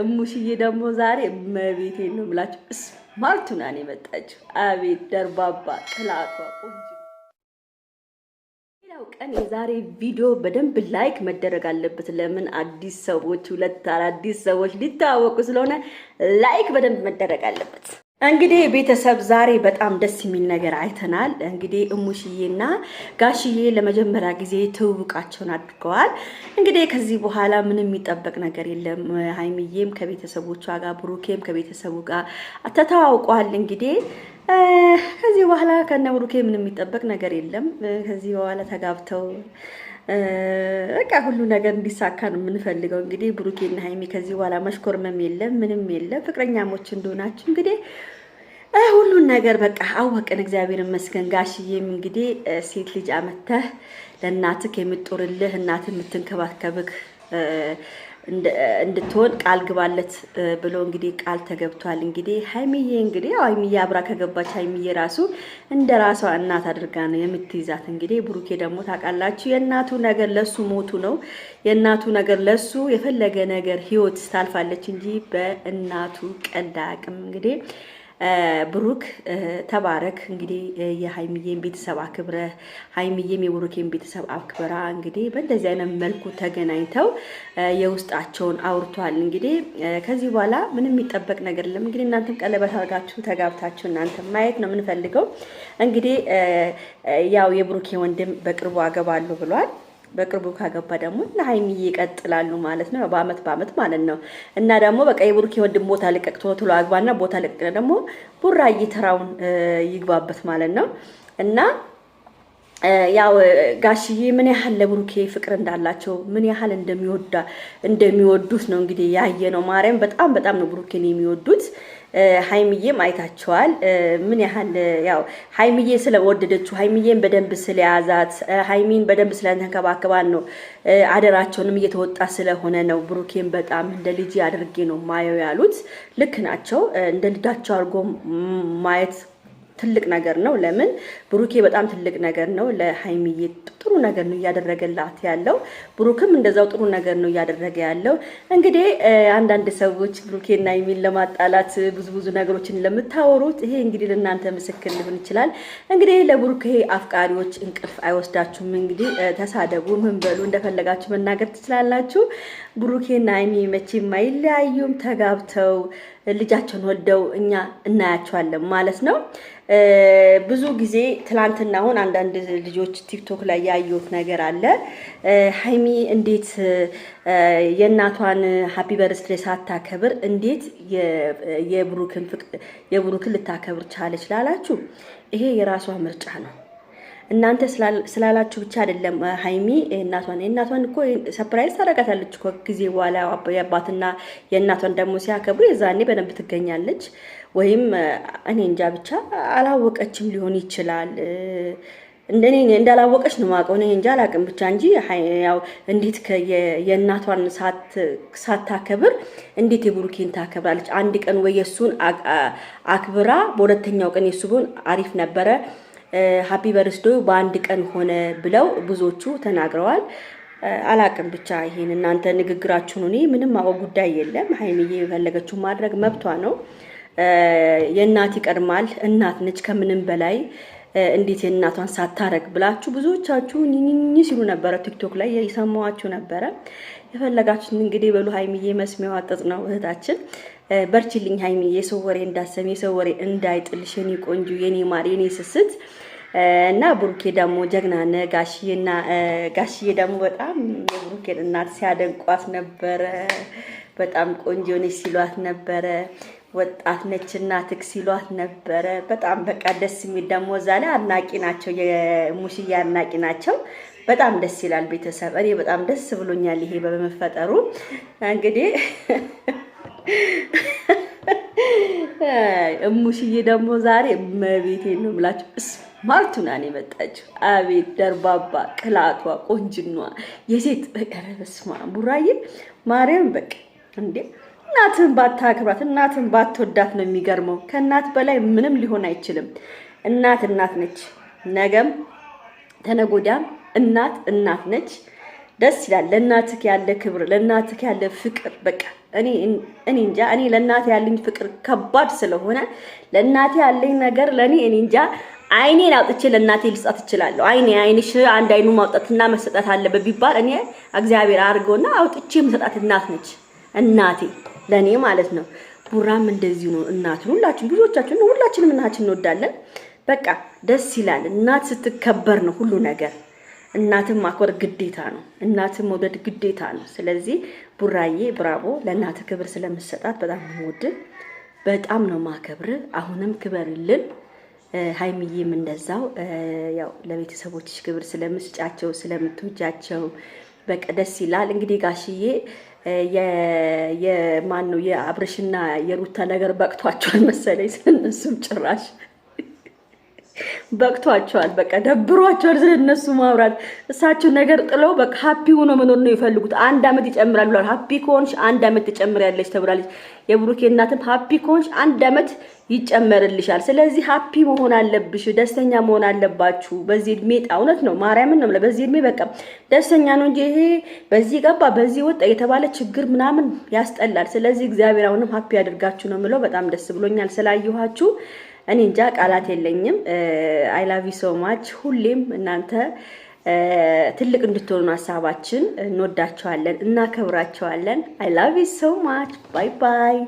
እሙሽዬ ደግሞ ዛሬ መቤቴ ነው የምላቸው ስማርት ሆና ነው የመጣችው። አቤት ደርባባ ጥላቷ ቆንጆ። ሌላው ቀን የዛሬ ቪዲዮ በደንብ ላይክ መደረግ አለበት። ለምን አዲስ ሰዎች ሁለት አዲስ ሰዎች ሊተዋወቁ ስለሆነ ላይክ በደንብ መደረግ አለበት። እንግዲህ ቤተሰብ ዛሬ በጣም ደስ የሚል ነገር አይተናል። እንግዲህ እሙሽዬና ጋሽዬ ለመጀመሪያ ጊዜ ትውውቃቸውን አድርገዋል። እንግዲህ ከዚህ በኋላ ምንም የሚጠበቅ ነገር የለም። ሀይሚዬም ከቤተሰቦቿ ጋር ብሩኬም ከቤተሰቡ ጋር ተተዋውቋል። እንግዲህ ከዚህ በኋላ ከነ ብሩኬ ምንም የሚጠበቅ ነገር የለም። ከዚህ በኋላ ተጋብተው በቃ ሁሉ ነገር እንዲሳካ ነው የምንፈልገው። እንግዲህ ብሩኬና ሀይሚ ከዚህ በኋላ መሽኮርመም የለም ምንም የለም። ፍቅረኛሞች እንደሆናችሁ እንግዲህ ሁሉን ነገር በቃ አወቅን። እግዚአብሔር ይመስገን። ጋሽዬም እንግዲህ ሴት ልጅ አመተህ ለእናትህ የምጦርልህ እናትህ የምትንከባከብህ እንድትሆን ቃል ግባለት ብሎ እንግዲህ ቃል ተገብቷል። እንግዲህ ሀይሚዬ እንግዲህ ያው ሀይሚዬ አብራ ከገባች ሀይሚዬ ራሱ እንደ ራሷ እናት አድርጋ ነው የምትይዛት። እንግዲህ ብሩኬ ደግሞ ታውቃላችሁ የእናቱ ነገር ለሱ ሞቱ ነው የእናቱ ነገር ለሱ የፈለገ ነገር ህይወት ታልፋለች እንጂ በእናቱ ቀልድ አያውቅም እንግዲህ ብሩክ ተባረክ። እንግዲህ የሀይሚዬን ቤተሰብ አክብረ ሀይሚዬም የብሩኬን ቤተሰብ አክብራ እንግዲህ በእንደዚህ አይነት መልኩ ተገናኝተው የውስጣቸውን አውርቷል። እንግዲህ ከዚህ በኋላ ምንም የሚጠበቅ ነገር የለም። እንግዲህ እናንተም ቀለበት አድርጋችሁ ተጋብታችሁ እናንተ ማየት ነው የምንፈልገው። እንግዲህ ያው የብሩኬ ወንድም በቅርቡ አገባለሁ ብሏል። በቅርቡ ካገባ ደግሞ ለሀይሚዬ ይቀጥላሉ ማለት ነው። በአመት በአመት ማለት ነው። እና ደግሞ በቃ የቡርኬ ወንድም ቦታ ልቀቅ ቶሎ አግባና ቦታ ልቀቅ ደግሞ ቡራ እየተራውን ይግባበት ማለት ነው እና ያው ጋሽዬ ምን ያህል ለብሩኬ ፍቅር እንዳላቸው ምን ያህል እንደሚወዳ እንደሚወዱት ነው እንግዲህ ያየ ነው። ማርያም በጣም በጣም ነው ብሩኬን የሚወዱት። ሀይምዬም አይታቸዋል። ምን ያህል ያው ሀይምዬ ስለወደደችው ሀይምዬን በደንብ ስለያዛት ሀይሚን በደንብ ስለተንከባከባን ነው። አደራቸውንም እየተወጣ ስለሆነ ነው። ብሩኬን በጣም እንደ ልጅ አድርጌ ነው ማየው ያሉት ልክ ናቸው። እንደ ልዳቸው አድርጎ ማየት ትልቅ ነገር ነው። ለምን ብሩኬ በጣም ትልቅ ነገር ነው ለሀይሚዬ ጥሩ ነገር ነው እያደረገላት ያለው። ብሩክም እንደዛው ጥሩ ነገር ነው እያደረገ ያለው። እንግዲህ አንዳንድ ሰዎች ብሩኬና ሀይሚን ለማጣላት ብዙ ብዙ ነገሮችን ለምታወሩት ይሄ እንግዲህ ለእናንተ ምስክር ሊሆን ይችላል። እንግዲህ ለብሩኬ አፍቃሪዎች እንቅልፍ አይወስዳችሁም። እንግዲህ ተሳደቡ፣ ምን በሉ፣ እንደፈለጋችሁ መናገር ትችላላችሁ። ብሩኬና ሀይሚ መቼም አይለያዩም ተጋብተው ልጃቸውን ወልደው እኛ እናያቸዋለን ማለት ነው። ብዙ ጊዜ ትላንትና አሁን አንዳንድ ልጆች ቲክቶክ ላይ ያዩት ነገር አለ። ሀይሚ እንዴት የእናቷን ሀፒ በርዝዴ ሳታከብር እንዴት የብሩክን ልታከብር ቻለች ላላችሁ፣ ይሄ የራሷ ምርጫ ነው። እናንተ ስላላችሁ ብቻ አይደለም ሀይሚ እናቷን የእናቷን እኮ ሰፕራይዝ ታደርጋታለች እኮ ጊዜ በኋላ የአባትና የእናቷን ደግሞ ሲያከብሩ የዛኔ በደንብ ትገኛለች። ወይም እኔ እንጃ ብቻ አላወቀችም ሊሆን ይችላል። እንደኔ እንዳላወቀች ነው የማውቀው። እኔ እንጃ አላውቅም ብቻ እንጂ ያው እንዴት የእናቷን ሳታከብር እንዴት የብሩኬን ታከብራለች? አንድ ቀን ወይ የእሱን አክብራ በሁለተኛው ቀን የእሱ ቢሆን አሪፍ ነበረ። ሀፒ በርስዶ በአንድ ቀን ሆነ ብለው ብዙዎቹ ተናግረዋል። አላቅም ብቻ ይሄን እናንተ ንግግራችሁን እኔ ምንም አወ ጉዳይ የለም። ሀይሚዬ የፈለገችው ማድረግ መብቷ ነው። የእናት ይቀድማል፣ እናት ነች ከምንም በላይ እንዴት የእናቷን ሳታረግ ብላችሁ ብዙዎቻችሁ ኝኝ ሲሉ ነበረ። ቲክቶክ ላይ የሰማዋችሁ ነበረ። የፈለጋችሁን እንግዲህ በሉ ሀይሚዬ መስሚያዋ ጥጥ ነው እህታችን። በርችልኝ ሀይሚ፣ የሰው ወሬ የሰወሬ የሰው ወሬ እንዳይጥልሽ የኔ ቆንጆ፣ የኔ ማር፣ የኔ ስስት እና ብሩኬ ደግሞ ጀግና ነ ጋሽና ጋሽዬ ደግሞ በጣም የብሩኬን እናት ሲያደንቋት ነበረ። በጣም ቆንጆ ነች ሲሏት ነበረ። ወጣት ነች እናትህ ሲሏት ነበረ። በጣም በቃ ደስ የሚል ደግሞ እዛ ላይ አድናቂ ናቸው፣ የሙሽዬ አድናቂ ናቸው። በጣም ደስ ይላል ቤተሰብ። እኔ በጣም ደስ ብሎኛል ይሄ በመፈጠሩ እንግዲህ እሙሽዬ ደግሞ ዛሬ መቤቴ ነው የምላችሁ ናን የመጣችው። አቤት ደርባባ ቅላቷ፣ ቆንጅኗ የሴት በስማ ቡራዬ ማርያም በቅ እንዴ እናትን ባታክብራት እናትን ባትወዳት ነው የሚገርመው። ከእናት በላይ ምንም ሊሆን አይችልም። እናት እናት ነች። ነገም ተነጎዳም እናት እናት ነች። ደስ ይላል። ለእናትህ ያለ ክብር፣ ለእናትህ ያለ ፍቅር በቃ እኔ እኔ እንጃ እኔ ለእናቴ ያለኝ ፍቅር ከባድ ስለሆነ ለእናቴ ያለኝ ነገር ለእኔ እኔ እንጃ አይኔን አውጥቼ ለእናቴ ልጻት እችላለሁ። አይኔ አይንሽ አንድ አይኑ ማውጣትና መሰጠት አለበት ቢባል እኔ እግዚአብሔር አድርገውና አውጥቼ መሰጣት እናት ነች እናቴ ለእኔ ማለት ነው። ቡራም እንደዚሁ ነው እናቱ። ሁላችን ብዙዎቻችን ሁላችንም እናታችን እንወዳለን። በቃ ደስ ይላል። እናት ስትከበር ነው ሁሉ ነገር እናትን ማክበር ግዴታ ነው። እናትን መውደድ ግዴታ ነው። ስለዚህ ቡራዬ ብራቮ፣ ለእናት ክብር ስለምሰጣት በጣም ወድ በጣም ነው ማከብር። አሁንም ክበርልን። ሀይሚዬም እንደዛው ያው ለቤተሰቦችሽ ክብር ስለምስጫቸው ስለምትወጃቸው በቃ ደስ ይላል። እንግዲህ ጋሽዬ የማን ነው የአብርሽና የሩታ ነገር በቅቷቸዋል መሰለኝ ስለነሱም ጭራሽ በቅቷቸዋል። በቃ ደብሯቸዋል። ስለ እነሱ ማውራት እሳቸው ነገር ጥለው በቃ ሀፒ ሆኖ መኖር ነው የፈልጉት። አንድ አመት ይጨምራል ብሏል። ሀፒ ከሆንሽ አንድ አመት ትጨምሪያለሽ ተብላለች። የብሩኬ እናትም ሀፒ ከሆንሽ አንድ አመት ይጨመርልሻል። ስለዚህ ሀፒ መሆን አለብሽ፣ ደስተኛ መሆን አለባችሁ። በዚህ እድሜ እውነት ነው ማርያምን ነው በዚህ እድሜ በቃ ደስተኛ ነው እንጂ ይሄ በዚህ ገባ በዚህ ወጣ የተባለ ችግር ምናምን ያስጠላል። ስለዚህ እግዚአብሔር አሁንም ሀፒ ያደርጋችሁ ነው የምለው። በጣም ደስ ብሎኛል ስላየኋችሁ። እኔ እንጃ ቃላት የለኝም። አይ ላቭ ዩ ሶ ማች። ሁሌም እናንተ ትልቅ እንድትሆኑ ሀሳባችን፣ እንወዳቸዋለን፣ እናከብራቸዋለን። አይ ላቭ ዩ ሶ ማች። ባይ ባይ